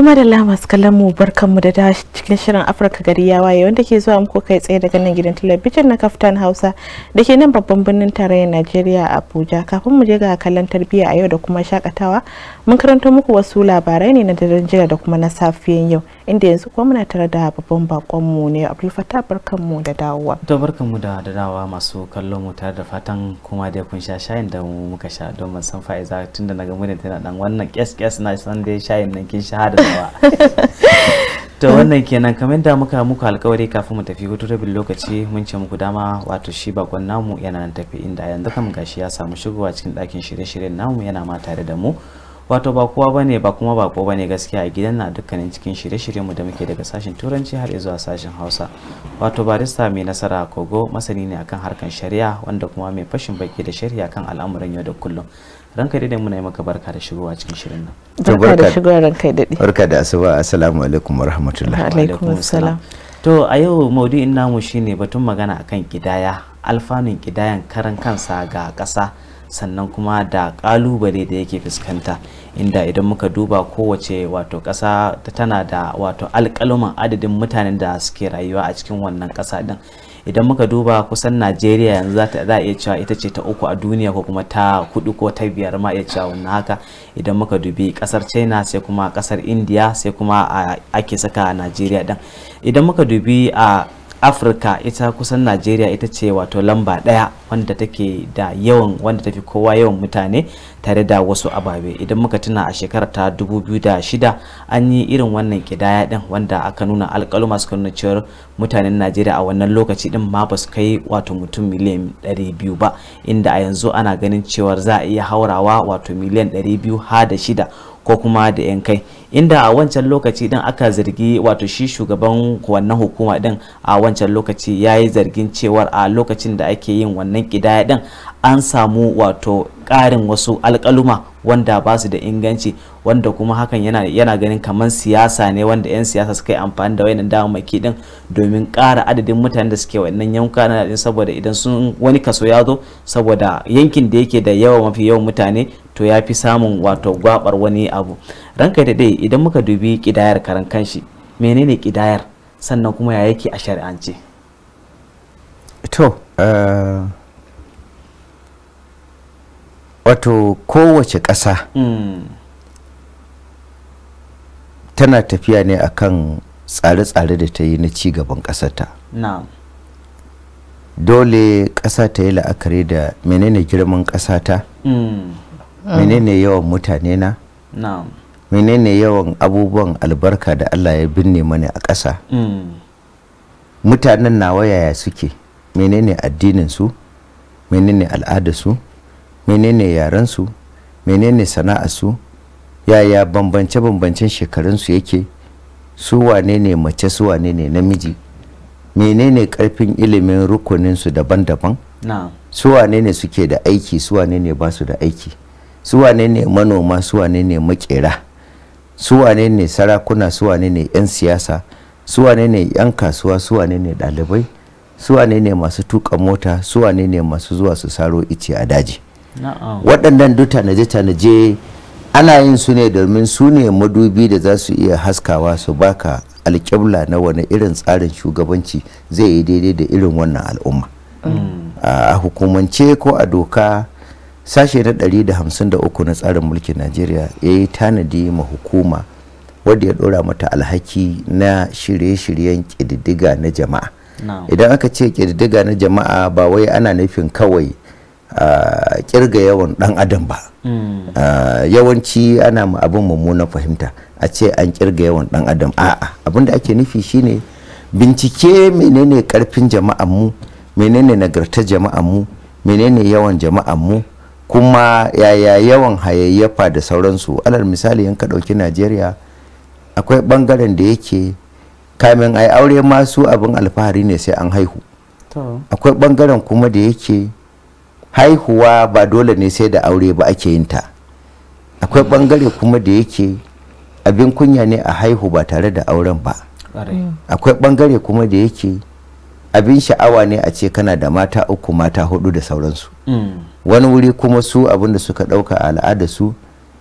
kuma da lamas kallon mu barkanmu da da cikin shirin afirka gari ya waye wanda ke zuwa muku kai tsaye daga nan gidan talabijin na kaftan hausa da ke nan babban birnin tarayyar najeriya abuja kafin mu je ga kallon tarbiyya a yau da kuma shakatawa mun karanta muku wasu labarai ne na daren jira da kuma na safiyan yau inda yanzu kuma muna tare da babban bakon mu ne Abdul barkan barkanmu da dawowa to barkanmu da dawowa masu kallon mu tare da fatan kuma dai kun sha shayin da mu muka sha don mun san fa'iza tunda na gamu tana dan wannan kes kes na san dai shayin nan kin sha da dawa to wannan kenan kamar da muka muku alkawari kafin mu tafi hutu rabin lokaci mun ce muku dama wato shi bakon namu yana nan tafi inda yanzu kam gashi ya samu shigowa cikin ɗakin shirye-shiryen namu yana ma tare da mu wato ba kowa bane ba kuma ba bako bane gaskiya a gidan na dukkanin cikin shirye shiryenmu mu da muke daga sashen turanci har zuwa sashen hausa wato barista mai nasara kogo masani ne akan harkan shari'a wanda kuma mai fashin baki da shari'a kan al'amuran yau da kullum ranka dai muna yi maka barka da shigowa cikin shirin nan barka da shigowa ranka barka da asuba assalamu alaikum wa alaikum assalam to a yau maudu'in namu shine batun magana akan kidaya alfanun kidayan karan kansa ga kasa. sannan kuma da kalubale da yake fuskanta inda idan muka duba kowace wato ƙasa tana da wato alƙaluman adadin mutanen da suke rayuwa a cikin wannan ƙasa din idan muka duba kusan najeriya yanzu za a iya cewa ita ce ta uku a duniya ko kuma ta hudu ko ta biyar ma iya cewa wannan haka idan muka dubi kasar china sai kuma kasar india sai kuma ake saka najeriya din idan muka dubi a afirka ita kusan najeriya ita ce wato lamba daya wanda take da yawan wanda tafi kowa yawan mutane tare da wasu ababe idan muka tuna a shekarar ta 2006 an yi irin wannan kidaya din wanda aka nuna alkaluma suka nuna cewar mutanen najeriya a wannan lokaci din ma ba su kai wato mutum miliyan 200 ba inda a yanzu ana ganin cewar za a iya haurawa wato miliyan 200 ha da shida ko kuma da yan kai inda a wancan lokaci din aka zargi wato shi shugaban wannan hukuma din a wancan lokaci ya yi zargin cewar a lokacin da ake yin wannan kidaya din an samu wato ƙarin wasu alƙaluma wanda ba su da inganci wanda kuma hakan yana, yana ganin kamar siyasa ne wanda 'yan siyasa suka yi amfani da wayannan damammaki din domin ƙara adadin mutanen da suke wannan yanka na saboda idan sun wani kaso ya zo saboda yankin da yake da yawa mafi yawan mutane to ya fi samun wato gwabar wani abu ranka da dai idan muka dubi kidayar karan kanshi menene kidayar sannan kuma ya yake a shari'ance to eh, wato kowace ƙasa hmm. tana tafiya ne akan tsare-tsare da ta yi na cigaban ƙasarta dole ƙasa ta yi la'akari da menene girman ƙasata hmm. menene yawan mutane na menene yawan abubuwan albarka da Allah ya binne mani a ƙasa mm. mutanen nawa yaya suke menene addinin su menene al'ada su menene yaren su menene sana'a su yaya bambance bambancen shekarunsu su yake su wane ne mace su wane ne namiji menene karfin ilimin rukuninsu daban-daban su wane ne suke da aiki su wane ne ba su da aiki su wane ne manoma su wane ne makera su ne sarakuna su ne 'yan siyasa su ne 'yan kasuwa su wane ne ɗalibai su wane ne masu tuka mota su wane ne masu zuwa su saro ice a daji waɗannan duk tanaje-tanaje ana yin su ne domin su ne madubi da za su iya haskawa su baka alƙibla na wani irin tsarin shugabanci zai yi daidai da irin wannan al'umma mm. a hukumance ko a doka sashe na da da hamsin 153 na tsarin mulkin najeriya ya yi tanadi ma hukuma wadda ya dora mata alhaki na shirye-shiryen ƙididdiga na jama'a idan aka ce ƙididdiga na jama'a ba wai ana nufin kawai kirga yawan dan adam ba hmm. yawanci ana abin mummunan fahimta a ce an kirga yawan dan adam a'a da ake nufi shine bincike menene karfin jama'an mu menene nagarta jama'an mu menene yawan jama'an mu kuma yaya yawan hayayyafa da sauransu alal misali yanka ka ɗauki najeriya akwai ɓangaren da yake kamin ai aure masu abin alfahari ne sai an haihu akwai ɓangaren kuma da yake haihuwa ba dole ne sai da aure ba ake yin ta akwai ɓangare kuma da yake abin kunya ne a haihu ba tare da auren ba mm. akwai ɓangare kuma da yake abin sha'awa ne a ce kana da mata uku mata hudu da sauransu mm. wani wuri kuma su abin da suka ɗauka a al'ada su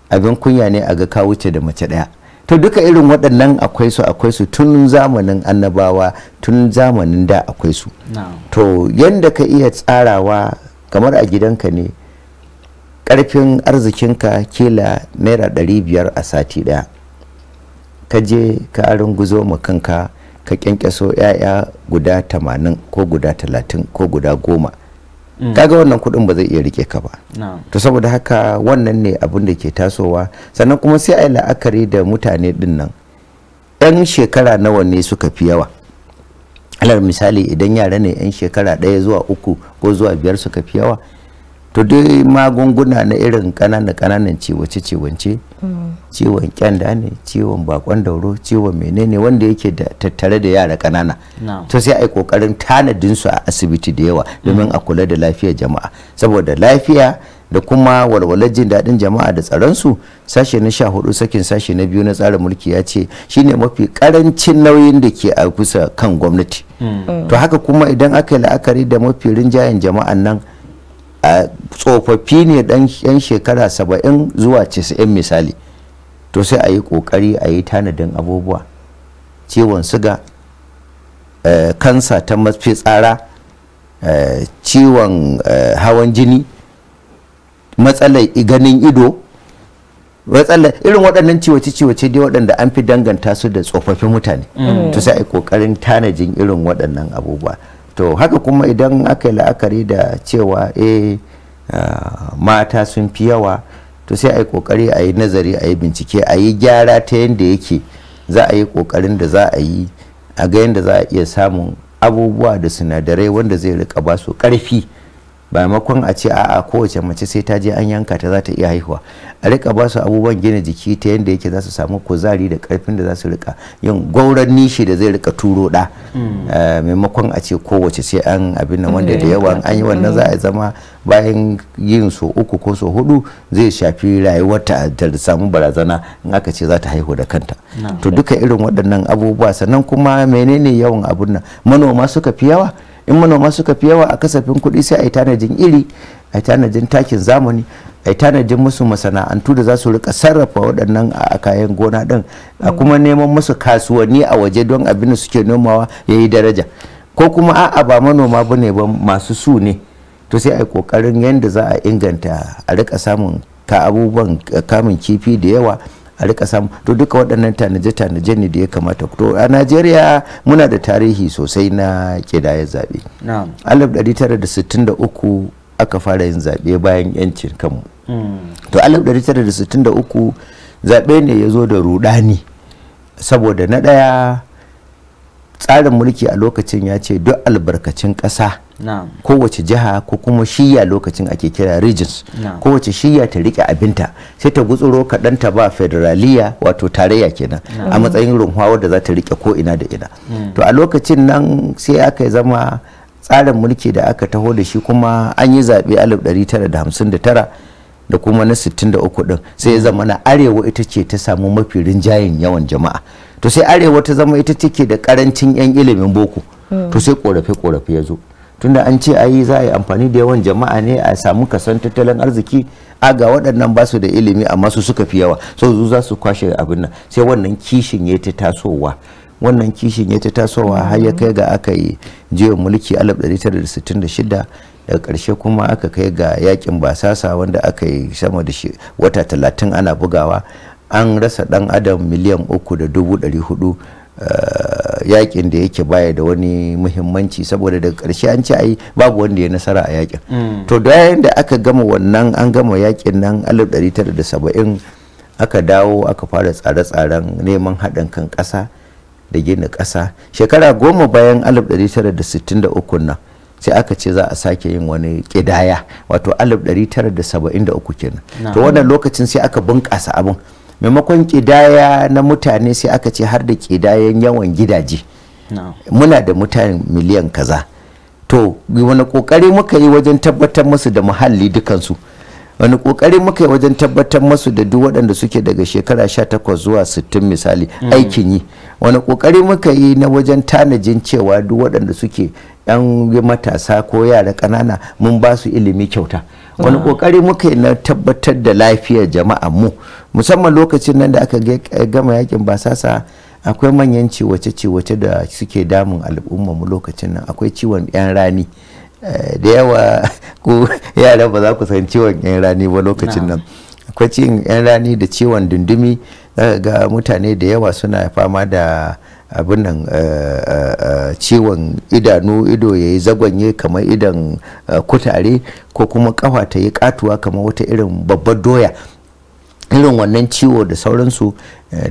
abin kunya ne a ga ka wuce da mace ɗaya to duka irin waɗannan akwai su akwai su tun zamanin annabawa tun zamanin da akwai su to yadda ka iya tsarawa kamar a gidanka ne ƙarfin arzikinka kila naira ɗari biyar a sati ɗaya ka je ka arin guzo ma kanka ka kyankyaso 'ya'ya guda tamanin ko guda talatin ko guda goma Mm. kaga wannan kuɗin ba zai iya rike ka ba to saboda haka wannan ne abin da ke tasowa sannan kuma sai a yi la'akari da mutane din nan 'yan shekara nawa ne suka fi yawa alal misali idan yara ne 'yan shekara ɗaya zuwa uku ko zuwa biyar suka fi yawa to dai magunguna na irin kananan kananan ciwace ciwance ciwon kyanda ne ciwon bakon dauro ciwon menene wanda yake da tattare da yara kanana to sai a yi kokarin tanadin su a asibiti da yawa domin a kula da lafiyar jama'a saboda lafiya da kuma walwalar jin daɗin jama'a da tsaron su sashe na sha hudu sakin sashe na biyu na tsarin mulki ya ce shine mafi karancin nauyin da ke a kusa kan gwamnati hmm. to haka kuma idan aka yi la'akari da mafi rinjayen jama'an nan tsofaffi ne dan yan shekara saba'in zuwa casa'in misali to sai a yi kokari a yi tanadin abubuwa ciwon siga eh, kansa ta mafitsara eh, ciwon eh, hawan jini matsalar ganin ido matsalar irin waɗannan ciwace-ciwace dai waɗanda an fi danganta su da tsofaffin mutane mm. to sai a yi ƙoƙarin tanajin irin waɗannan abubuwa to haka kuma idan aka yi la'akari da cewa eh ah, mata sun fi yawa to sai a yi kokari a yi nazari a yi bincike a yi gyara ta yadda yake za a yi kokarin da za a yi a ga yadda za a iya samun abubuwa da sinadarai wanda zai rika ba su ƙarfi. maimakon a ce a'a kowace mace sai ta je an yanka ta za ta iya haihuwa a rika ba su abubuwan gina jiki ta yadda yake za su samu kuzari da karfin da za su rika yin gwauran nishi da zai rika turo da mm. eh, maimakon a ce kowace sai an abin nan wanda da yawa an yi wannan za a mm. zama bayan yin so uku ko so hudu zai shafi rayuwarta da samu barazana in aka ce za ta haihu da kanta to duka irin waɗannan abubuwa sannan kuma menene yawan abun nan manoma suka fi yawa in manoma suka fi yawa a kasafin kuɗi sai a yi tanajin iri a yi tanajin takin zamani a yi tanajin musu masana'antu da za su rika sarrafa waɗannan a kayan gona ɗin a mm. kuma neman musu kasuwanni a waje don abin da suke nomawa ya yi daraja ko kuma a'a ba manoma ba ne ba masu su ne to sai a yi ƙoƙarin yadda za a inganta a rika samun ka abubuwan kamun kifi da yawa a rika samu to duka waɗannan tanaje-tanaje ne da ya kamata to a najeriya muna da tarihi sosai na ƙidayar zaɓe 1963 aka fara yin zaɓe bayan yancin kanmu hmm. to 1963 zaɓe ne ya zo da rudani saboda na ɗaya tsarin mulki a lokacin ya ce duk albarkacin ƙasa kowace jiha ko kuma shiya lokacin ake kira regions kowace shiya ta rike abinta sai ta gutsuro kadan ta ba federaliya wato tarayya kenan a matsayin runhuwa da za ta rike ko ina da ina hmm. to a lokacin nan sai aka zama tsarin mulki da aka taho da shi kuma an yi zaɓe 1959 da kuma na 63 din sai ya zama na arewa ita ce ta samu mafi rinjayen yawan jama'a to sai arewa ta zama ita take da karancin 'yan ilimin boko hmm. to sai korafe korafe ya zo tunda an ce ayi za a yi amfani da yawan jama'a ne a samu kasan tattalin arziki a ga waɗannan ba su da ilimi amma su suka fi yawa so su za su kwashe abin nan sai wannan kishin ya ta tasowa wannan kishin ya ta tasowa har ya kai ga aka yi jiya mulki 1966 daga karshe kuma aka kai ga yakin basasa wanda aka yi sama da wata talatin ana bugawa an rasa ɗan adam miliyan uku da dubu ɗari hudu yakin da yake baya da wani muhimmanci saboda daga karshe an ce ai babu wanda ya nasara a yakin mm. to da yayin da aka gama wannan an gama yakin nan 1970 aka dawo aka fara tsare-tsaren neman haɗin kan ƙasa da gina ƙasa shekara goma bayan 1963 nan sai aka ce za a sake yin wani ƙidaya wato 1973 kenan to wannan lokacin sai aka bunƙasa abin maimakon kidaya na mutane sai aka ce har da kidayen yawan gidaje muna da mutane miliyan kaza to wani kokari muka yi wajen tabbatar musu da muhalli dukansu wani kokari muka yi wajen tabbatar musu da duk waɗanda suke daga shekara 18 zuwa 60 misali mm. aikin yi wani kokari muka yi na wajen tanajin cewa duk waɗanda suke yan matasa ko yara ƙanana mun ba su ilimi kyauta wani kokari muka yi na tabbatar da lafiyar jama'a mu musamman lokacin nan da aka eh, gama yakin basasa akwai manyan ciwace-ciwace da suke damun al'umma mu lokacin nan akwai ciwon yan rani eh, da yawa ko yara ba za ku san ciwon yan rani ba lokacin nan akwai ciwon yan rani da ciwon dundumi ga mutane da yawa suna fama da abin nan eh, eh, eh, ciwon idanu ido ya yi zagwanye kamar idan kutare ko kuma kafa ta yi katuwa kamar wata irin babbar doya irin wannan ciwo da sauransu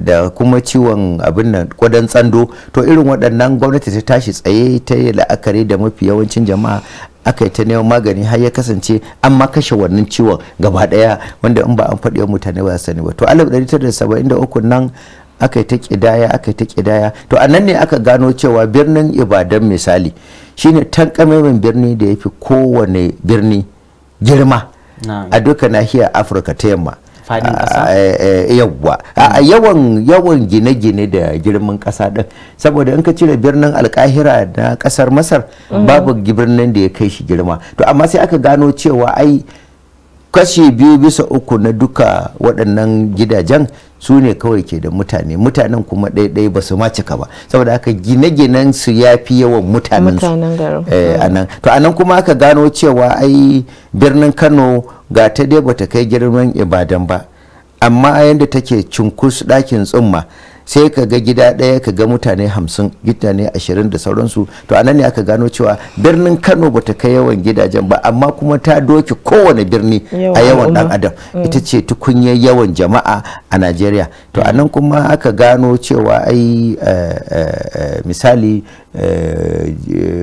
da kuma ciwon abin nan kwadon tsando to irin waɗannan gwamnati ta tashi tsaye ta yi la'akari da mafi yawancin jama'a aka yi ta neman magani har ya kasance an ma kashe wannan ciwon gaba daya wanda in ba an faɗi mutane ba sani ba to alif ɗari nan aka yi ta kidaya aka yi ta kidaya to a nan ne aka gano cewa birnin ibadan misali shine tankamemin birni da ya fi kowane birni girma a duka nahiyar afirka ta yamma eh, eh, yawwa yawan yawan gine-gine da girman kasa din saboda in ka cire birnin alkahira na kasar masar mm. babu birnin da ya kai shi girma to amma sai aka gano cewa ai kashi biyu bisa uku na duka waɗannan gidajen su ne kawai ke da mutane mutanen kuma ɗaiɗai ba su ma cika ba saboda haka gine-ginen su ya fi yawan mutanen su anan eh, to anan kuma aka gano cewa ai birnin kano ga ta dai bata kai girman ibadan ba amma yadda take cunkus ɗakin tsumma sai ka ga gida ɗaya ka ga mutane hamsin mutane ashirin da sauransu to anan ne aka gano cewa birnin kano bata kai yawan gidajen ba amma kuma ta doke kowane birni a yawan dan adam mm. ita ce tukunyar yawan jama'a a najeriya to anan kuma aka gano cewa ai eh, eh, eh, misali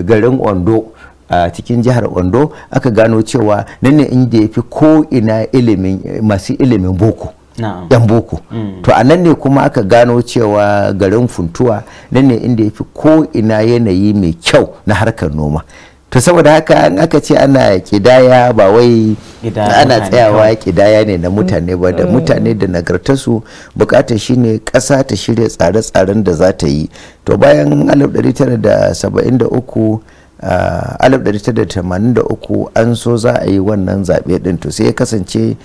garin ondo a cikin jihar ondo aka gano cewa nan ne inda ya fi ko ina ilimin masu ilimin boko yan boko mm. to a nan ne kuma aka gano cewa garin funtuwa nan ne inda ya fi ko ina yanayi mai kyau na harkar noma to saboda haka an aka ce ana kidaya ba wai ana tsayawa kidaya ne na mutane ba da mm. mutane da nagartarsu bukatar shine kasa ta shirya tsare-tsaren da za ta yi to bayan 1973 1983 an so za a yi wannan zaɓe ɗin to sai ya kasance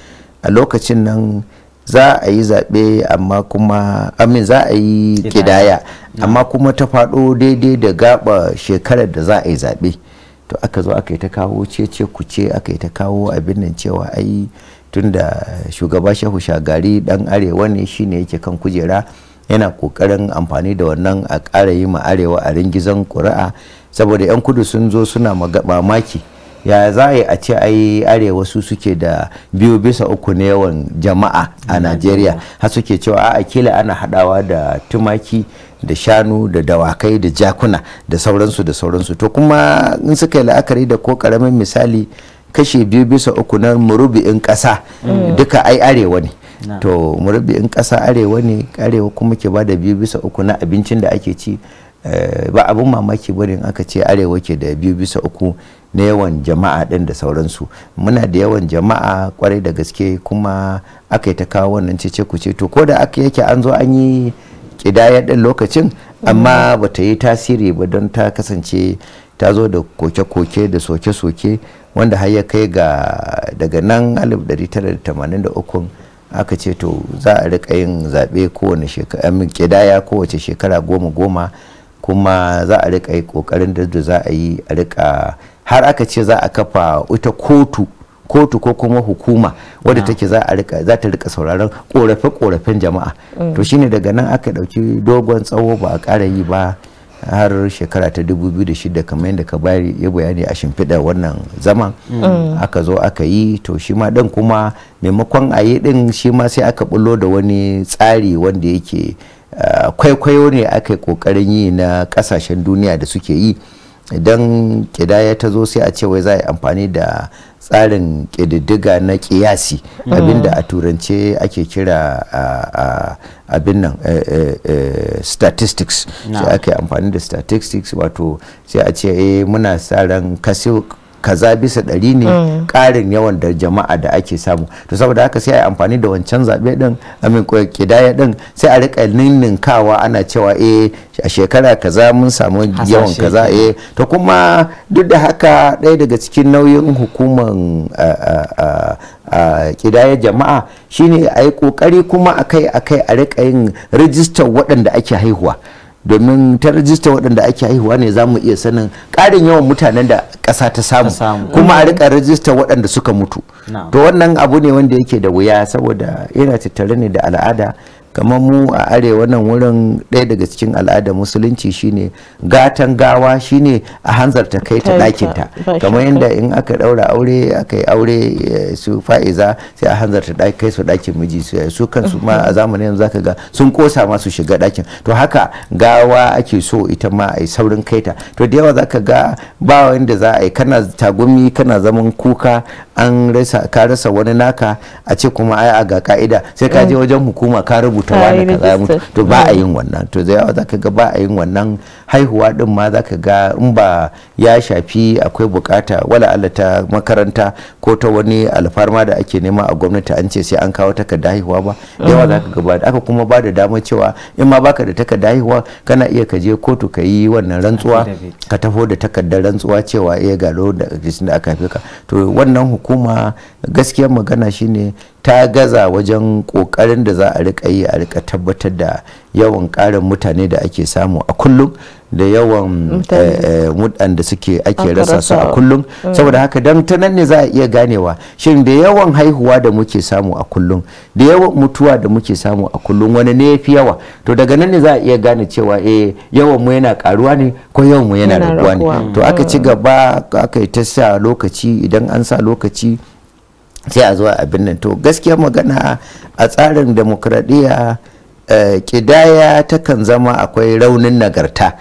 a lokacin nan za a yi zaɓe amma kuma amin za a yi kidaya mm. amma kuma ta faɗo daidai da gaba shekarar da za a yi zaɓe to aka zo aka yi ta kawo cece ce aka yi ta kawo abin nan cewa ai tunda shugaba shehu shagari dan arewa ne shine yake kan kujera yana kokarin amfani da wannan a ƙara yi ma arewa a ringizan ƙuri'a saboda 'yan kudu sun zo suna mamaki ya za a yi a ce ai arewa su suke da biyu bisa uku na yawan jama'a a najeriya ha suke cewa a akila ana hadawa da tumaki da shanu da dawakai da jakuna da sauransu da sauransu to kuma in suka yi la'akari da ko karamin misali kashe biyu bisa uku na murubi'in kasa mm. duka ai arewa ne to murubi'in kasa arewa ne arewa kuma ke ba da biyu bisa uku na abincin da ake ci eh, ba abin mamaki bane in aka ce arewa ke da biyu bisa uku na yawan jama'a ɗin da sauransu muna da yawan jama'a kwarai da gaske kuma aka yi ta kawo wannan cece ce to ko da aka yake an zo an yi ƙidaya ɗin lokacin amma ba ta yi tasiri ba don ta kasance ta zo da koke-koke da soke-soke wanda har ya kai ga daga nan 1983 aka ce to za a rika yin zaɓe kowane shekara ƙidaya kowace shekara goma goma kuma za a rika yi ƙoƙarin da za a yi a rika har aka ce za a kafa ita kotu kotu ko kuma hukuma wadda take za rika ta rika sauraron korafe korafen jama'a mm. to shine daga nan aka dauki dogon tsawo ba a ƙara yi ba har shekara ta 2006 kamar yadda ka bari ya bayani a shimfiɗa wannan zaman mm. Mm. aka zo aka yi to shi ma ɗin kuma maimakon a yi ɗin shi ma sai aka bullo da wani tsari wanda yake ah, kwaikwayo ne aka yi ƙoƙarin yi na ƙasashen duniya da suke yi idan kidaya ta zo sai a ce wai za a yi amfani da tsarin kididdiga na kiyasi hmm. abinda a turance ake kira abin nan eh, eh, eh, statistics sai aka yi amfani da statistics wato sai a ce muna tsarin kaza bisa ɗari ne mm. ƙarin yawan da jama'a da ake samu to saboda haka sai a amfani da wancan zaɓe ɗin amin kidaya ɗin sai a riƙa ninninkawa ana cewa eh a shekara kaza mun samu yawan kaza eh to kuma duk da haka ɗaya daga cikin nauyin hukuman kidaya jama'a shine a yi ƙoƙari kuma akai akai a riƙa yin rijistar waɗanda ake haihuwa domin ta rajista waɗanda ake haihuwa ne za mu iya sanin ƙarin yawan mutanen da ƙasa ta samu kuma a riƙa rajista waɗanda suka mutu to wannan abu ne wanda yake da wuya saboda yana tattare ne da al'ada kamar mu a arewa nan wurin ɗaya daga cikin al'adar musulunci shine gatan gawa shine a hanzarta kai ta ɗakinta kamar yadda in aka ɗaura aure aka yi aure eh, su fa'iza sai a hanzarta kai su ɗakin miji su eh, kansu ma a zamanin zaka ga sun kosa ma su shiga ɗakin to haka gawa ake so ita ma a yi saurin kai ta to da yawa zaka ga ba wanda za a yi kana tagumi kana zaman kuka an rasa ka rasa wani naka a ce kuma ai a ga ka'ida sai ka je mm. wajen hukuma ka rubuta rubuta wani kaza to ba a mm. yin wannan to da yawa zaka ga ba a yin wannan haihuwa din ma zaka ga in ba ya shafi akwai bukata wala Allah ta makaranta ko ta wani alfarma da ake nema a gwamnati an ce sai an kawo takarda haihuwa ba yawa zaka ga ba aka kuma ba da dama cewa in ma baka da takarda haihuwa kana iya ka je kotu ka yi wannan rantsuwa ka taho da takardar rantsuwa cewa iya eh, galo da da aka haife ka to wannan hukuma gaskiyar magana shine ta gaza wajen kokarin da za a rika yi a rika tabbatar da yawan ƙarin mutane da ake samu a kullum da yawan eh, eh, da suke ake rasa su a kullum mm. saboda haka don ta nan ne za a iya ganewa shin da yawan haihuwa da muke samu a kullum da yawan mutuwa da muke samu a kullum wani ne yafi fi yawa to daga nan ne za a iya gane cewa eh yawan mu yana karuwa ne ko yawan mu yana raguwa ne to aka ci mm. gaba aka yi ta sa lokaci idan an sa lokaci sai a zuwa abin nan to gaskiya magana a tsarin demokradiyya ƙidaya eh, takan zama akwai raunin nagarta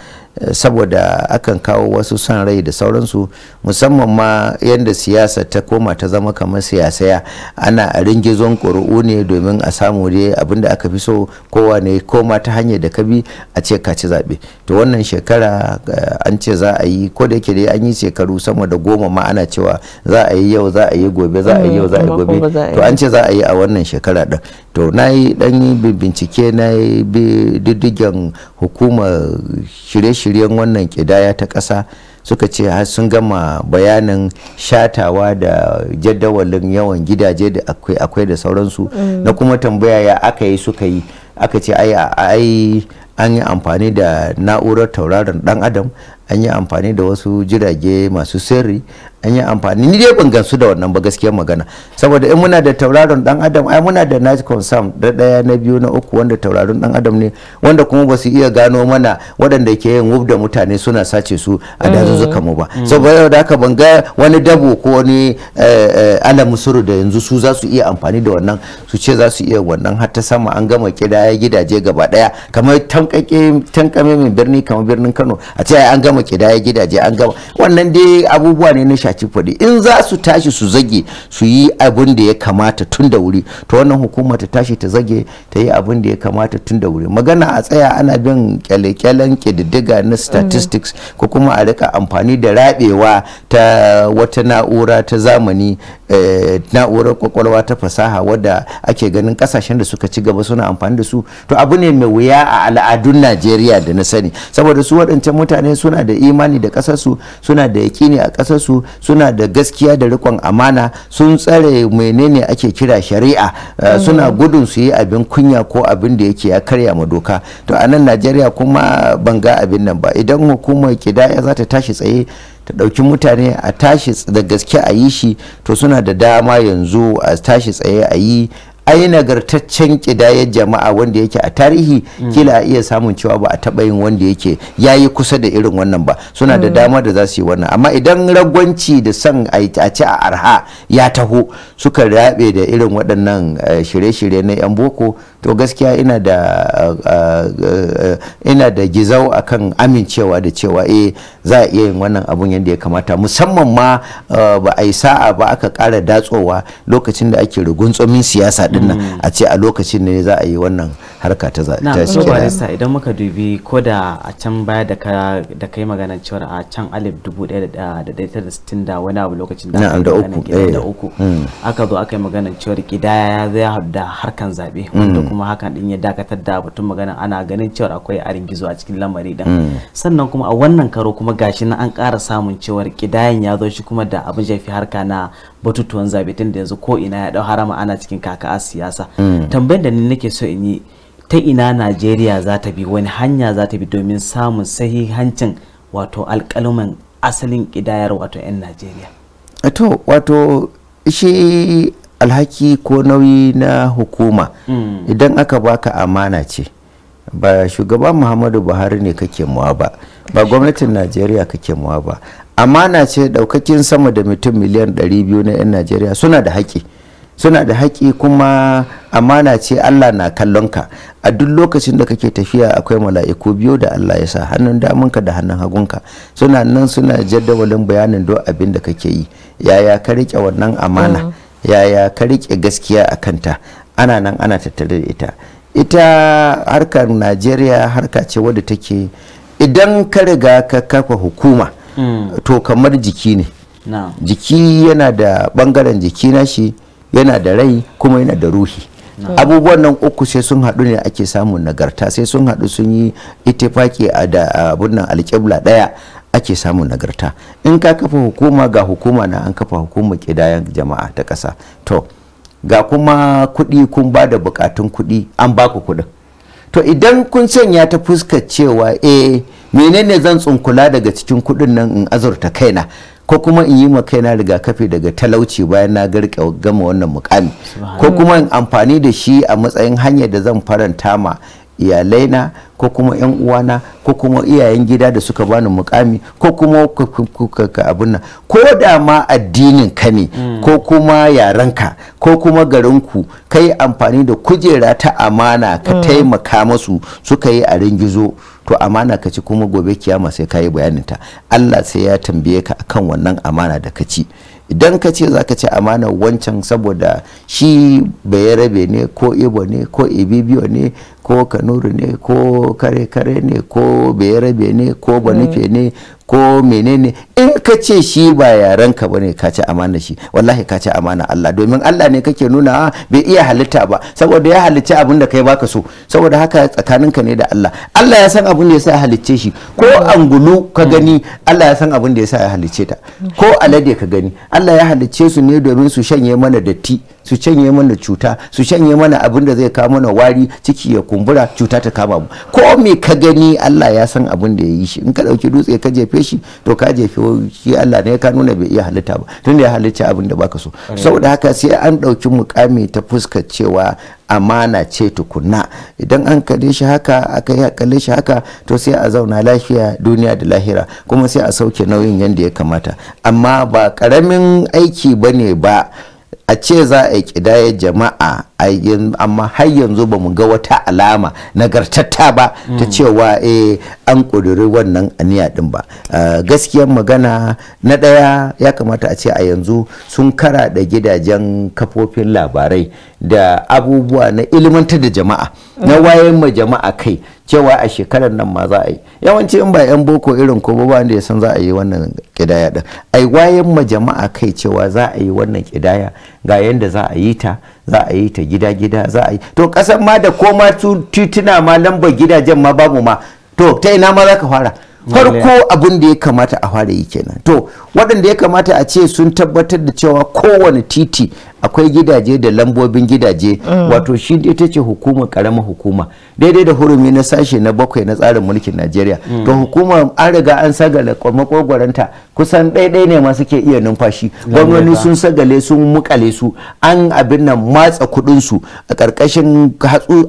saboda akan kawo wasu son rai da sauransu musamman ma yadda siyasa ta koma ta zama kamar siyasaya ana a ringizon ƙuri'u ne domin a samu dai abinda aka fi so kowa ne koma ta hanyar da kabi a ce ka ci zaɓe to wannan shekara eh, an ce za a yi ko da yake dai an yi shekaru sama da goma ma ana cewa za a yi yau za a yi gobe za a yi yau za a yi mm, gobe to an ce za a yi a wannan shekara ɗin to na yi ɗan bincike na yi diddigen hukumar shirye-shirye shiryen wannan kidaya ta ƙasa suka ce sun gama bayanin shatawa da jadawalin yawan gidaje da akwai da sauransu mm. na kuma tambaya ya aka yi suka yi aka ce ai an yi amfani da na'urar tauraron dan adam an yi amfani da wasu jirage masu sirri an yi amfani ni dai ban gansu da wannan ba gaskiyar magana saboda in muna da tauraron dan adam ai muna da night consum da daya na biyu na uku wanda tauraron dan adam ne wanda kuma ba su iya gano mana waɗanda ke yin wub da mutane suna sace su a mm. dazuzzuka mu ba mm. saboda haka ban ga wani dabo ko wani eh, eh, alamu suru da yanzu su za su iya amfani da wannan su ce za su iya wannan har ta sama an gama kidaya gidaje gaba daya kamar tankame min birni kamar birnin Kano a ce an gama gama kidaya gidaje an gama wannan dai abubuwa ne na shaci fadi in za su tashi su zage su yi abin da ya kamata tun da wuri to wannan hukuma ta tashi ta zage ta yi abin da ya kamata tun da wuri magana a tsaya ana bin kyale-kyalen kididdiga na statistics ko kuma a rika amfani da rabewa ta wata na'ura ta zamani eh, na'urar kwakwalwa ta fasaha wadda ake ganin kasashen da suka ci gaba suna amfani da su to abu ne mai wuya a al'adun najeriya da na sani saboda su waɗancan mutane suna da imani da ƙasarsu suna da yaƙini a ƙasarsu suna da gaskiya da rikon amana sun tsare menene ake kira shari'a eh, suna gudun su yi abin kunya ko abin da yake ya karya ma doka to a nan najeriya kuma ban ga abin nan ba idan hukumar kidaya za ta tashi tsaye ta ɗauki mutane a tashi da gaske a yi shi to suna da dama yanzu a tashi tsaye a yi ai nagartaccen kidayar jama'a wanda yake a tarihi mm. kila a iya samun cewa ba a taba yin wanda yake yayi kusa da irin wannan ba suna da mm. dama da za su yi wannan amma idan ragwanci da son a ci a arha ya taho suka rabe da irin waɗannan eh, shirye-shirye na 'yan boko to gaskiya ina da eh, eh, ina da gizau akan amincewa da cewa eh za a iya yin wannan abun yadda ya kamata musamman ma ba a yi sa'a ba aka ƙara datsowa lokacin da ake rugunzumin siyasa Mm. a ce a lokacin ne za a yi wannan harka ta zaɓe. Na idan muka dubi ko da a can baya da ka da kai magana cewar a can alif dubu ɗaya da da sittin da wani abu lokacin da aka da uku eh. hmm. aka zo aka yi magana cewar kidaya ya zai haɗu da harkan zaɓe wanda hmm. kuma hakan din ya dakatar da batun magana ana ganin cewar akwai arin gizo a cikin lamari din hmm. sannan kuma a wannan karo kuma gashi na an ƙara samun cewar kidayan ya zo shi kuma da abin shafi harka na batutuwan zaɓe tun da yanzu ko ina ya ɗau harama ana cikin kaka a siyasa tambayar da ni nake so in yi ta ina najeriya za ta bi wani hanya za ta bi domin samun sahihancin wato alƙaluman asalin ƙidayar wato 'yan najeriya eh to wato shi alhaki ko nauyi na hukuma hmm. idan aka baka amana ce ba shugaban muhammadu buhari ne kake muwa ba ba gwamnatin najeriya kake muwa ba amana ce daukakin sama da mutum miliyan 200 na 'yan najeriya suna da haƙƙi. suna da haƙi kuma amana ce Allah na kallon ka a duk lokacin da kake tafiya akwai mala'iku biyu da Allah ya sa hannun damunka da hannun hagunka suna nan suna jaddawalin bayanin do abin da kake yi yaya ka riƙe wannan amana mm. yaya ka riƙe gaskiya a kanta ana nan ana tattare da ita ita harkar najeriya harka ce wadda take idan ka riga ka kafa hukuma mm. to kamar jiki ne jiki yana da bangaren jiki na shi yana da rai kuma yana da ruhi abubuwan nan uku sai sun haɗu ne ake samun nagarta sai sun haɗu sun yi itifaki a da abun nan alƙibla ɗaya ake samun nagarta in ka kafa hukuma ga hukuma na an kafa hukuma ƙidayen jama'a ta ƙasa to ga kuma kuɗi kun ba da buƙatun kuɗi an ba ku kuɗin to idan kun sanya ta fuskar cewa eh menene zan tsunkula daga cikin kuɗin nan in azurta kaina ko kuma in yi ma kaina rigakafi daga talauci bayan na garke gama wannan mukami ko kuma in amfani da shi a matsayin hanyar da zan faranta ma iyalaina ko kuma yan uwana ko kuma iyayen gida da suka bani mukami ko kuma ka abin nan ko da ma addinin ka ne mm. ko kuma yarenka ko kuma garinku ka yi amfani da kujera ta amana ka mm. taimaka masu suka yi a ringizo to amana ka ci kuma gobe kiyama sai ka yi bayaninta Allah sai ya tambaye ka akan wannan amana da ka ci idan ka ce za ka ci amana wancan saboda shi bai rabe ne ko ibo ne ko ibibiyo ne ko kanuri ne ko kare kare ne ko bayarabe ne ko banufe ne ko menene in ka ce shi ba yaren ka bane ka ci amana shi wallahi ka ci amana Allah domin Allah ne kake nuna bai iya halitta ba saboda ya halicci abin da kai baka so saboda haka tsakaninka ne da Allah Allah ya san abin da yasa ya halicce shi ko angulu ka gani Allah ya san abin da yasa ya halicce ta ko alade ka gani Allah ya halicce su ne domin su shanye mana datti su shanye mana cuta su shanye mana abin da zai kawo mana wari ciki ya kumbura cuta ta kama mu ko me ka gani Allah ya san abin da ya yi shi in ka dauki dutse ka jefe shi to ka jefe shi Allah ne ka nuna bai iya halitta ba tunda ya halitta abin da baka so saboda haka sai an dauki mukami ta fuskar cewa amana ce tukunna idan an kalle shi haka aka yi kalle shi haka to sai a zauna lafiya duniya da lahira kuma sai a sauke nauyin yadda ya kamata amma ba karamin aiki bane ba a ce za a yi ƙidayar jama'a amma har yanzu ba mu ga wata alama nagartatta ba ta mm. cewa eh an ƙudiri wannan aniya din ba eh, gaskiyar magana na ɗaya ya kamata a ce a yanzu sun kara da gidajen kafofin labarai da abubuwa na ilimantar da jama'a na mm. wayan ma jama'a kai cewa a shekarar nan ma za a yi yawanci in ba 'yan boko irin ko ba wanda ya san za a yi wannan kidaya din ai wayan ma jama'a kai cewa za a yi wannan kidaya ga yanda za a yi ta za a yi ta gida gida za a yi to kasan ma da koma tituna ma lambar gidajen ma babu ma to ta ina ma za ka fara farko abin da ya kamata a fara yi kenan to waɗanda ya kamata a ce sun tabbatar da cewa kowane titi akwai gidaje da lambobin gidaje mm. wato shi dai ta ce hukumar karamar hukuma daidai da hurumi na sashe na bakwai na tsarin mulkin najeriya to mm. hukumar an riga an sagale makogwaranta kusan ɗaiɗai ne ma suke iya numfashi gwamnoni sun sagale sun mukale su an abin nan matsa kuɗinsu a ƙarƙashin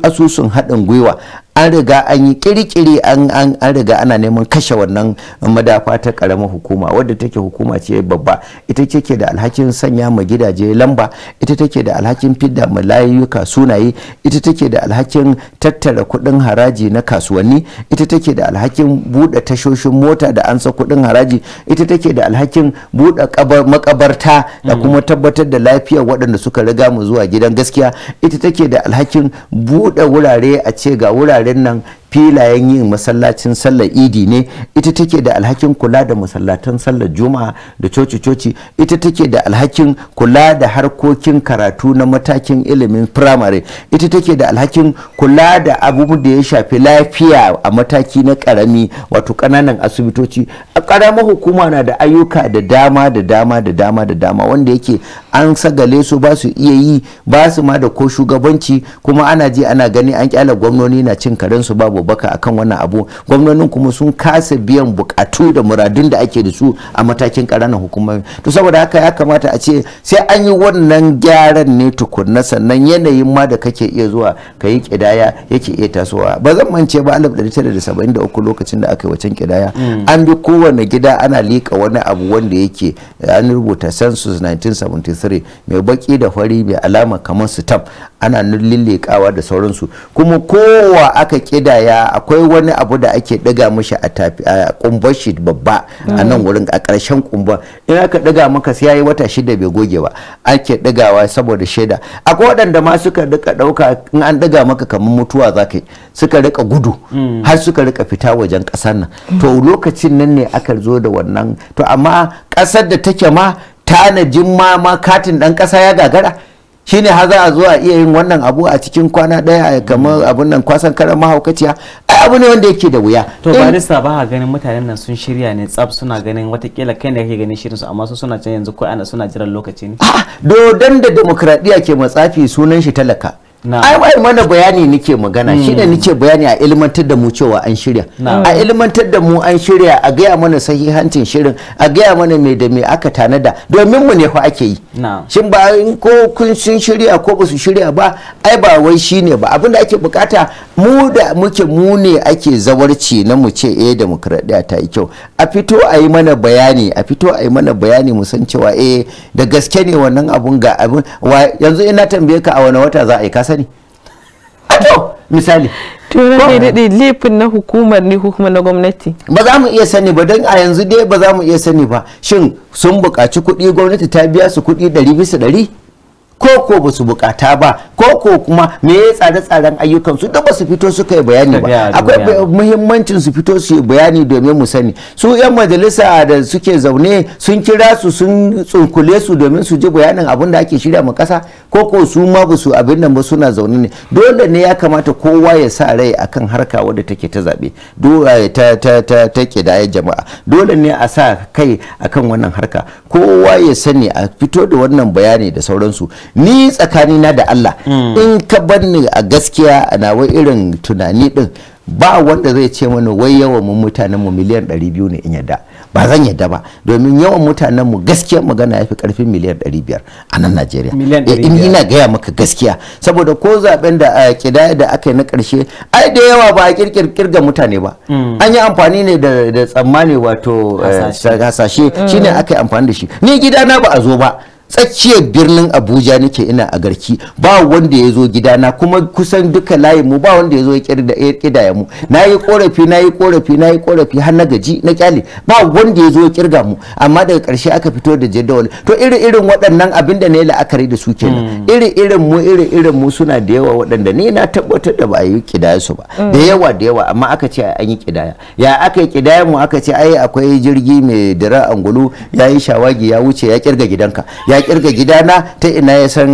asusun haɗin gwiwa an riga an yi kirikiri an riga ana neman kashe wannan madafa ta karamar hukuma wadda take hukuma ce babba ita take da alhakin sanya ma gidaje lamba ita take da alhakin fidda ma layuka sunaye ita take da alhakin tattara kudin haraji na kasuwanni ita take da alhakin buɗe tashoshin mota da ansa kudin haraji ita take da alhakin buɗe makabarta da mm. kuma tabbatar da lafiyar waɗanda suka riga mu zuwa gidan gaskiya ita take da alhakin buɗe wurare a ce ga wurare rin ng filayen yin masallacin sallar idi ne ita take da alhakin kula da masallatan sallar juma'a da coci-coci ita take da alhakin kula da harkokin karatu na matakin ilimin firamare ita take da alhakin kula da abubu da ya shafi lafiya a mataki na karami wato kananan asibitoci a karamar hukuma na da ayyuka da dama da dama da dama da dama wanda yake an sagale su ba su iya yi ba su ma da ko shugabanci kuma ana ji ana gani an kyala gwamnoni na cin su babu abubakar akan wannan abu gwamnonin kuma sun kasa biyan bukatu da muradun da ake da su a matakin karana hukumar to saboda haka ya kamata a ce sai an yi wannan gyaran ne tukunna sannan yanayin ma da kake iya zuwa ka yi kidaya yake iya tasowa ba zan mance ba 1973 lokacin da aka yi wacan kidaya mm. an bi kowane gida ana liƙa wani abu wanda yake an rubuta census 1973 mai baki da fari mai alama kamar stamp ana lullikawa da sauransu kuma kowa aka kidaya baya akwai wani abu da ake daga mishi a tafi a kumbar shi babba a nan wurin a ƙarshen kumbar in aka daga maka sai yayi wata shida bai goge ba ake dagawa saboda shaida akwai waɗanda ma suka rika dauka in an daga maka kamar mutuwa zaka suka rika gudu mm. har suka rika fita wajen ƙasar nan to lokacin nan ne aka zo da wannan to amma ƙasar da take ma tanajin ma ma katin ɗan ƙasa ya gagara shine ha za a zo a iya yin wannan abu a cikin kwana daya kamar mm. abun nan kwasan karan mahaukaciya ai abu ne wanda yake da wuya to barista ba ha ganin mutanen nan sun shirya ne tsab suna ganin watakila kai ne kake ganin shirin su amma su suna can yanzu ko ana suna jiran lokaci ne da demokradiya ke matsafi sunan shi talaka ai wai mana bayani nike magana hmm. shine nike bayani a ilmantar da mu cewa an shirya a ilmantar da mu an shirya a gaya mana sahihancin shirin a gaya mana me da me aka tanada domin mu ne fa ake yi shin ba ko kun sun shirya ko ba su shirya ba ai ba wai shine ba abinda ake bukata mu da muke mu ne ake zawarci na mu ce eh demokradiya ta yi kyau a fito a yi mana bayani a fito a yi mana bayani mu san cewa eh da gaske ne wannan abun ga abun yanzu ina tambaye ka a wani wata za a yi kasa sani to misali ne laifin na hukumar ne hukumar na gwamnati ba za mu iya sani ba don a yanzu dai ba za mu iya sani ba shin sun buƙaci kuɗi gwamnati ta biya su kuɗi ɗari bisa ɗari ko ko ba su buƙata ba Koko kuma me ya tsare-tsaren ayyukan su da ba su fito suka yi bayani ba akwai muhimmancin su fito su yi bayani domin mu sani su yan majalisa da suke zaune sun kira su sun tsunkule su domin su ji bayanin abin da ake shirya mu kasa Koko su ma ba su abin nan ba suna zaune ne dole ne ya kamata kowa ya sa rai akan harka wadda take ta zabe eh, ta ta ta ta kidaya jama'a dole ne a sa kai akan wannan harka kowa ya sani a fito da wannan bayani da sauransu ni tsakani na da Allah Mm. in ka banni a gaskiya a nawa irin tunani din ba wanda zai ce mana wai yawan mu mutanen mu miliyan 200 ne in yadda ba zan yadda ba domin yawan mutanen mu gaskiya magana ya karfin miliyan 500 a nan Najeriya eh, in ina gaya maka gaskiya saboda ko zaben da kidaya eh, da aka yi na karshe ai da yawa ba a kirkirga mutane ba mm. an yi amfani ne da tsammani wato eh, hasashe mm. shine aka yi amfani da shi ni gidana ba a zo ba tsakiyar birnin abuja nake ina a garki ba wanda ya zo gidana kuma kusan duka layin mu ba wanda ya zo ya mu na yi korafi na yi korafi na yi korafi har na gaji na kyale ba wanda ya zo kirga mu amma daga karshe aka fito da jadawal to iri irin waɗannan abin da na yi la'akari da su kenan mm. iri irin mu iri irin mu suna da yawa waɗanda ni na tabbatar da ba a yi kidaya su ba da mm. yawa da yawa amma aka ce an yi kidaya ya aka yi kidaya mu aka ce ai akwai jirgi mai dira angulu ya yi shawagi ya wuce ya kirga gidanka ya kirga gidana ta ina ya san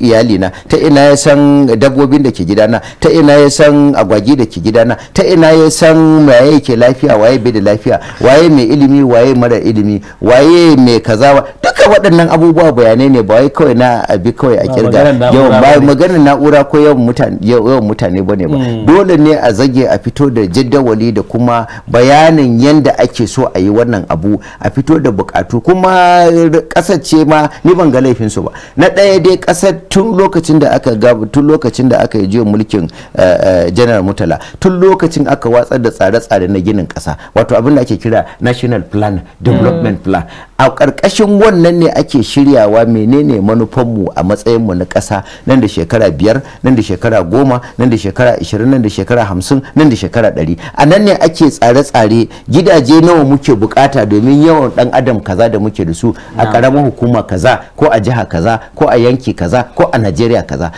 iyalina ta ina ya san dabbobin da ke gidana ta ina ya san agwagi da ke gidana ta ina ya san waye ke lafiya waye bai da lafiya waye mai ilimi waye mara ilimi waye mai kaza duka waɗannan abubuwa bayanai ne ba wai kawai na abi kawai a kirga yawan ba magana na'ura ko yawan mutane ba mutane bane ba hmm. dole ne a zage a fito da jadawali da kuma bayanin yanda ake so a yi wannan abu a fito da bukatu kuma kasar ce ma ni ban ga laifin su ba na ɗaya dai ƙasar tun lokacin da aka gabu tun lokacin da aka yi jiya mulkin eh, eh, general mutala tun lokacin aka watsar da tsare-tsare na ginin ƙasa wato abin da ake kira national plan development plan a ƙarƙashin wannan ne ake shiryawa menene manufanmu a matsayinmu na ƙasa nan da shekara biyar nan da shekara goma nan da shekara ashirin nan da shekara hamsin nan da shekara ɗari a nan ne ake tsare-tsare gidaje nawa muke bukata domin yawan ɗan adam kaza da muke da su a ƙaramin hukuma kaza ko a jiha kaza ko a yanki kaza ko a najeriya kaza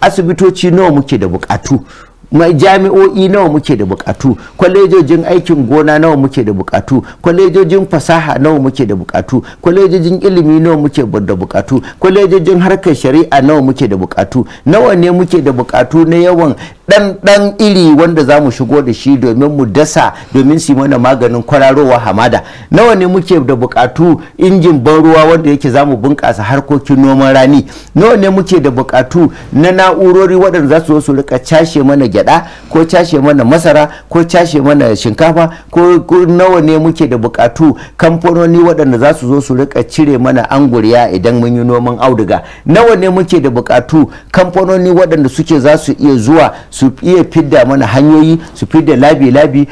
asibitoci nawa muke da bukatu Mai jami'o'i nawa muke da bukatu kwalejojin aikin gona nawa muke da bukatu kwalejojin fasaha nawa muke da bukatu kwalejojin ilimi nawa muke da bukatu kwalejojin harkar shari'a nawa muke da bukatu nawa ne muke da bukatu na yawan ɗanɗan iri wanda za mu shigo da shi domin mu dasa domin su mana maganin kwararowa hamada nawa ne muke da bukatu injin ban ruwa wanda yake za mu bunƙasa harkokin noman rani nawa ne muke da bukatu na na'urori waɗanda za su zo su rika cashe mana gyaɗa ko cashe mana masara ko cashe mana shinkafa ko nawa ne muke da bukatu kamfanoni waɗanda za su zo su rika cire mana anguriya idan mun yi noman auduga nawa ne muke da bukatu kamfanoni waɗanda suke za su iya zuwa su iya fidda mana hanyoyi su fidda labi-labi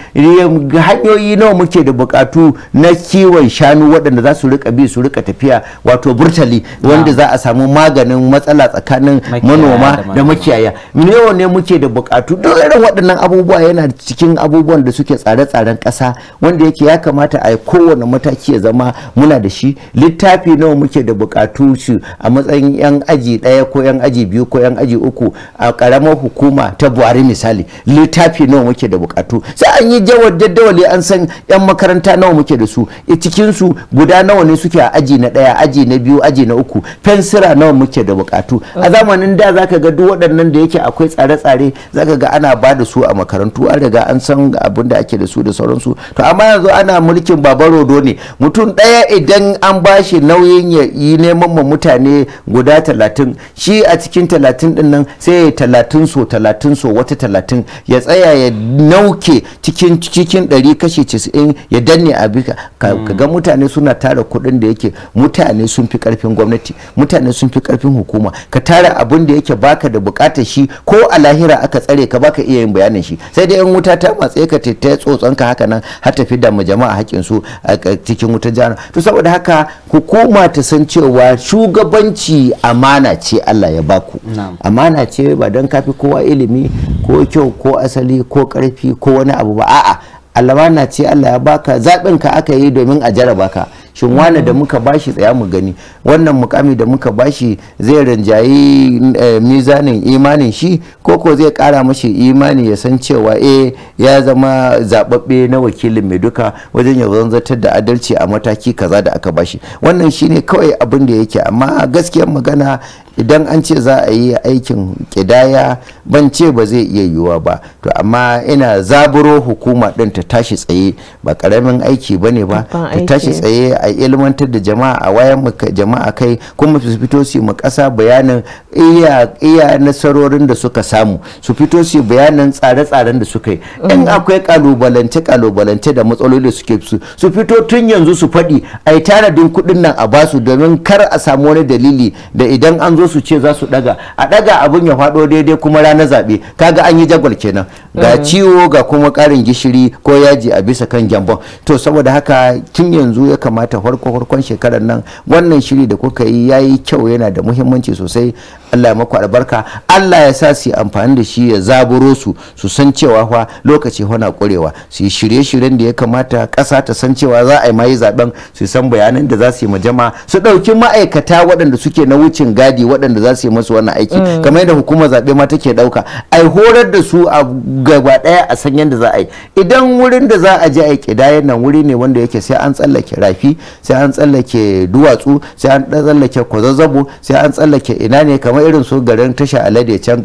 hanyoyi nawa muke da bukatu na kiwon shanu waɗanda za su rika bi su rika tafiya wato burtali wanda za a samu maganin matsala tsakanin manoma da makiyaya nawa ne muke da bukatu duk irin waɗannan abubuwa yana cikin abubuwan da suke tsare-tsaren ƙasa wanda yake ya kamata a kowane mataki ya zama muna da shi littafi nawa muke da bukatu su a matsayin yan aji ɗaya ko yan aji biyu ko yan aji uku a ƙaramar hukuma ta buhari misali littafi nawa muke da bukatu sai an yi jawar jaddawali an san yan makaranta nawa muke da su cikin su guda nawa ne suke a aji na daya aji na biyu aji na uku fensira nawa muke da bukatu a zamanin da zaka ga duk waɗannan da yake akwai tsare-tsare zaka ga ana ba da su a makarantu an riga an san abin da ake da su da sauransu to amma yanzu ana mulkin babar rodo ne mutum ɗaya idan an bashi nauyin ya yi neman ma mutane guda talatin shi a cikin talatin ɗin sai ya talatin so talatin so wata talatin ya tsaya ya nauke cikin cikin ɗari kashi casa'in ya danne abin ka ga mutane suna tara kuɗin da yake mutane sun fi ƙarfin gwamnati mutane sun fi ƙarfin hukuma ka tara abin da yake baka da buƙatar shi ko a lahira aka tsare ka baka iya yin bayanin shi sai dai 'yan wuta ta matse ka ta tsotson ka haka nan har fi da jama'a haƙƙin su a cikin wutar jana to saboda haka hukuma ta san cewa shugabanci amana ce Allah ya baku amana ce ba don kafi kowa ilimi ko kyau ko asali ko karfi ko wani abu ba a'a alama na ce Allah ya baka zaɓin ka aka yi domin a jaraba ka shin wane da muka bashi tsaya mu gani wannan mukami da muka bashi zai rinjayi eh, mizanin imanin shi ko ko zai kara mashi imani ya san cewa eh ya zama zababbe na wakilin mai duka wajen ya zanzatar da adalci a mataki kaza da aka bashi wannan shine kawai abin da yake amma gaskiyar magana idan an ce za a yi aikin kidaya ban ce ba zai iya yiwuwa ba to amma ina zaburo hukuma ɗin ta tashi tsaye ba karamin aiki bane ba ta tashi tsaye a ilmantar da jama'a a wayan jama'a kai kuma su fito su mu kasa bayanin iya nasarorin da suka samu su fito su bayanin tsare-tsaren da suka yi mm. in akwai kalubalance kalubalance da matsaloli da suke su su fito tun yanzu su faɗi a yi tanadin kuɗin nan a basu domin kar a samu wani dalili da idan an zo su ce za su daga a ɗaga abin ya faɗo daidai kuma ranar zaɓe kaga an yi jagwal kenan ga eh. ciwo ga kuma karin gishiri ko yaji a bisa kan gyambon to saboda haka tun yanzu ya kamata farko farkon shekarar nan wannan shiri da kuka yi yayi kyau yana da muhimmanci sosai Allah ya maku albarka Allah ya sa su amfani da shi ya zaburo su su san cewa fa lokaci hana ƙurewa su yi shirye-shiryen da ya kamata ƙasa ta san cewa za a yi mayi zaben su san bayanan da za su yi ma jama'a su ɗauki ma'aikata waɗanda suke na wucin gadi waɗanda za su yi masu wannan aiki mm. kamar yadda hukumar zaɓe ma take ɗauka ai horar da su a gaba ɗaya a san yadda za a yi idan wurin da za a je a yi nan wuri ne wanda yake sai an tsallake rafi sai an tsallake duwatsu sai an tsallake kwazazzabo sai an tsallake ina ne kamar irin su garin tasha alade can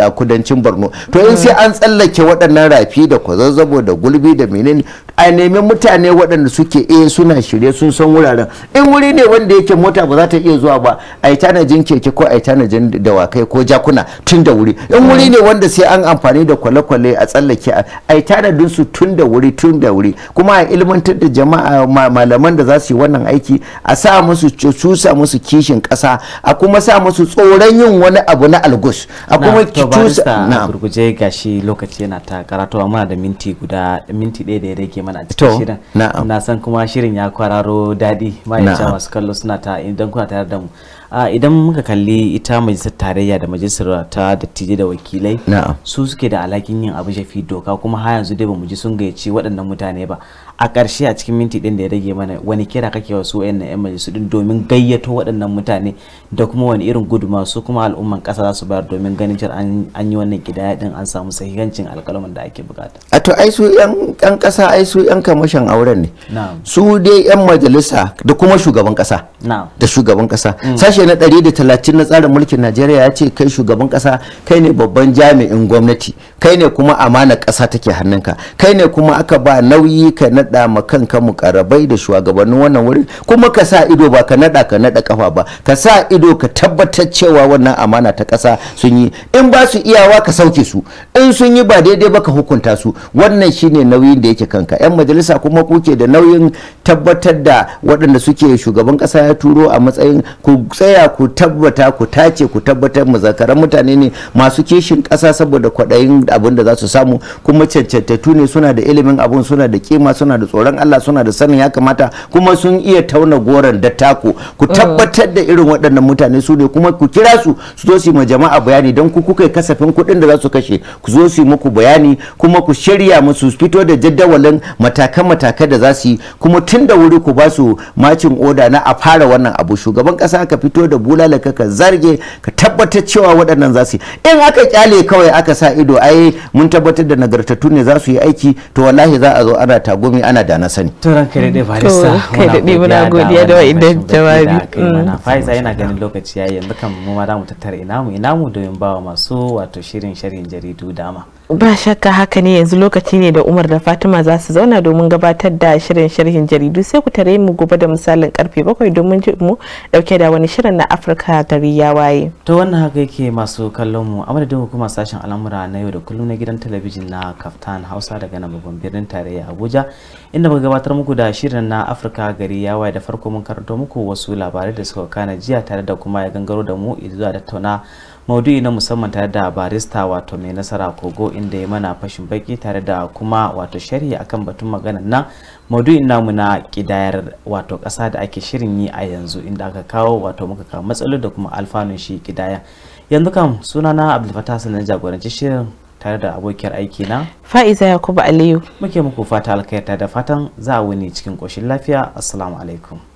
a kudancin borno to in sai an tsallake waɗannan rafi da kwazazzabo da gulbi da menene a nemi mutane waɗanda suke eh suna shirye sun san wuraren in wuri ne wanda yake mota ba za ta iya zuwa ba a yi tanajin keke ko a yi tanajin dawakai ko jakuna tun da wuri in wuri ne wanda sai an amfani da kwale-kwale a tsallake a yi tanadin su tun da wuri tun da wuri kuma a ilmantar da jama'a malaman da za su yi wannan aiki a sa musu cusa musu kishin ƙasa a kuma sa musu tsoron don yin wani abu na algus a kuma cusa na gurguje shi lokaci yana ta karatu amma da minti guda minti ɗaya da ya rage mana cikin shirin na san kuma shirin ya kwararo daɗi ma'aikata masu kallo suna ta idan kuna tare da mu idan muka kalli ita majalisar tarayya da majalisar ta dattijai da wakilai su suke da alhakin yin abu shafi doka kuma har yanzu dai ba mu ji sun gayyaci waɗannan mutane ba a ƙarshe a cikin minti ɗin da ya rage mana wani kira kake wasu yan yan majalisu ɗin domin gayyato waɗannan mutane da kuma wani irin guduma su kuma al'umman ƙasa za su bayar domin ganin cewa an yi wannan gida ɗin an samu sahihancin alƙalamin da ake buƙata. a to ai su yan ƙasa ai su yan kamashin auren ne su dai yan majalisa da kuma shugaban ƙasa da shugaban ƙasa mm. sashe na ɗari da talatin na tsarin mulkin Najeriya ya ce kai shugaban ƙasa kai ne babban jami'in gwamnati kai ne kuma amana ƙasa take hannunka kai ne kuma aka ba nauyi ka na naɗa ma kanka mukarabai da shugabannin wannan wurin kuma ka sa ido ba ka naɗa ka naɗa kafa ba ka sa ido ka tabbatar cewa wannan amana ta ƙasa sun yi in ba su iyawa ka sauke su in sun yi ba daidai ba ka hukunta su wannan shine nauyin da yake kanka yan majalisa kuma kuke da nauyin tabbatar da waɗanda suke shugaban ƙasa ya turo a matsayin ku tsaya ku tabbata ku tace ku tabbatar zakaran mutane ne masu kishin ƙasa saboda kwaɗayin abin da za su samu kuma cancantattu ne suna da ilimin abun suna da kima suna da tsoron Allah suna da sanin ya kamata kuma sun iya tauna goron da taku ku mm. tabbatar da irin waɗannan mutane su ne kuma ku kira su su zo su ma jama'a bayani don ku kuka kasafin kuɗin da za su kashe ku zo su muku bayani kuma ku shirya musu fito da jadawalin matakan matakan da za su yi kuma tun da wuri ku ba su macin oda na a fara wannan abu shugaban kasa ka fito da bulala ka zarge ka tabbatar cewa waɗannan za su yi in aka kyale kawai aka sa ido ai mun tabbatar da nagartattu ne za su yi aiki to wallahi za a zo ana tagumi ana da na sani to mm. kai da farisa. kai da muna godiya da mm. wa'idan jawabi mana fa'iza yana ganin lokaci yayi yanzu kan mu ma da mu tattara ina mu ina mu domin bawa masu wato shirin sharhin jaridu dama ba shakka haka ne yanzu lokaci ne da umar da fatima za su zauna domin gabatar da shirin sharhin jaridu sai ku tare mu gobe da misalin karfe bakwai domin ji mu dauke da wani shirin na afirka gari ya waye to wannan haka yake masu kallon mu a madadin hukumar sashen al'amura na yau da kullum na gidan talabijin na kaftan hausa daga nan babban birnin tarayya abuja inda muka gabatar muku da shirin na afirka gari ya waye da farko mun karanto muku wasu labarai da suka kana jiya tare da kuma ya gangaro da mu da tattauna maudu'i na musamman tare da barista wato mai nasara kogo inda ya mana fashin baki tare da kuma wato sharhi akan batun maganan nan maudu'in namu na kidayar wato kasa da ake shirin yi a yanzu inda aka kawo wato muka kawo matsaloli da kuma alfanun shi kidaya yanzu kam sunana abdulfatah sanan jagoranci shirin tare da abokiyar aiki na fa'iza yakubu aliyu muke muku fata alkaita da fatan za a wuni cikin koshin lafiya assalamu alaikum